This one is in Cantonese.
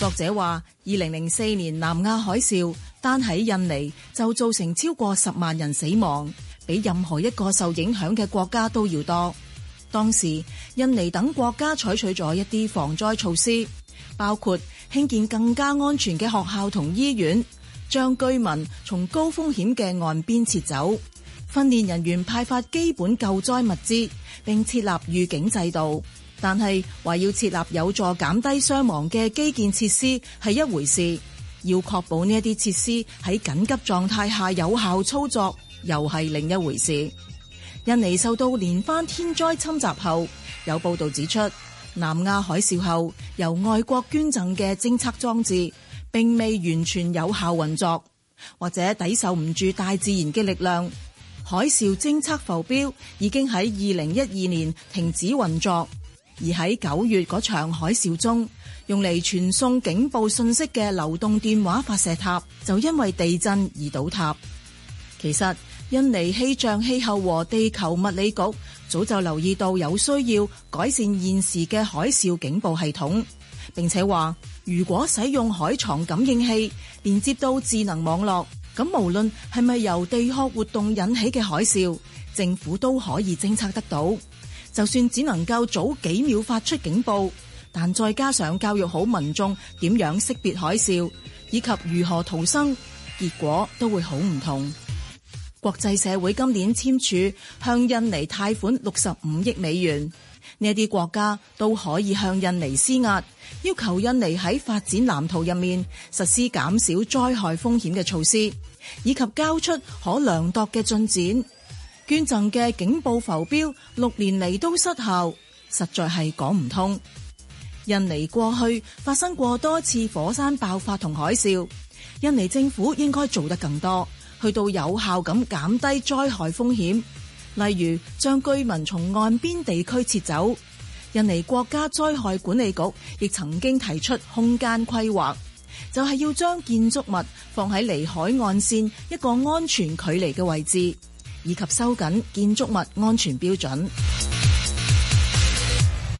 作者話：二零零四年南亞海嘯，單喺印尼就造成超過十萬人死亡，比任何一個受影響嘅國家都要多。當時，印尼等國家採取咗一啲防災措施，包括興建更加安全嘅學校同醫院，將居民從高風險嘅岸邊撤走，訓練人員派發基本救災物資，並設立預警制度。但係話要設立有助減低傷亡嘅基建設施係一回事，要確保呢一啲設施喺緊急狀態下有效操作，又係另一回事。印尼受到連番天災侵襲後，有報道指出，南亞海嘯後由外國捐贈嘅偵測裝置，並未完全有效運作，或者抵受唔住大自然嘅力量。海嘯偵測浮標已經喺二零一二年停止運作。而喺九月嗰場海嘯中，用嚟傳送警報信息嘅流動電話發射塔就因為地震而倒塌。其實，印尼氣象氣候和地球物理局早就留意到有需要改善現時嘅海嘯警報系統，並且話如果使用海床感應器連接到智能網絡，咁無論係咪由地殼活動引起嘅海嘯，政府都可以偵測得到。就算只能夠早幾秒發出警報，但再加上教育好民眾點樣識別海嘯，以及如何逃生，結果都會好唔同。國際社會今年簽署向印尼貸款六十五億美元，呢啲國家都可以向印尼施壓，要求印尼喺發展藍圖入面實施減少災害風險嘅措施，以及交出可量度嘅進展。捐贈嘅警報浮標六年嚟都失效，實在係講唔通。印尼過去發生過多次火山爆發同海嘯，印尼政府應該做得更多，去到有效咁減低災害風險，例如將居民從岸邊地區撤走。印尼國家災害管理局亦曾經提出空間規劃，就係要將建築物放喺離海岸線一個安全距離嘅位置，以及收緊建築物安全標準。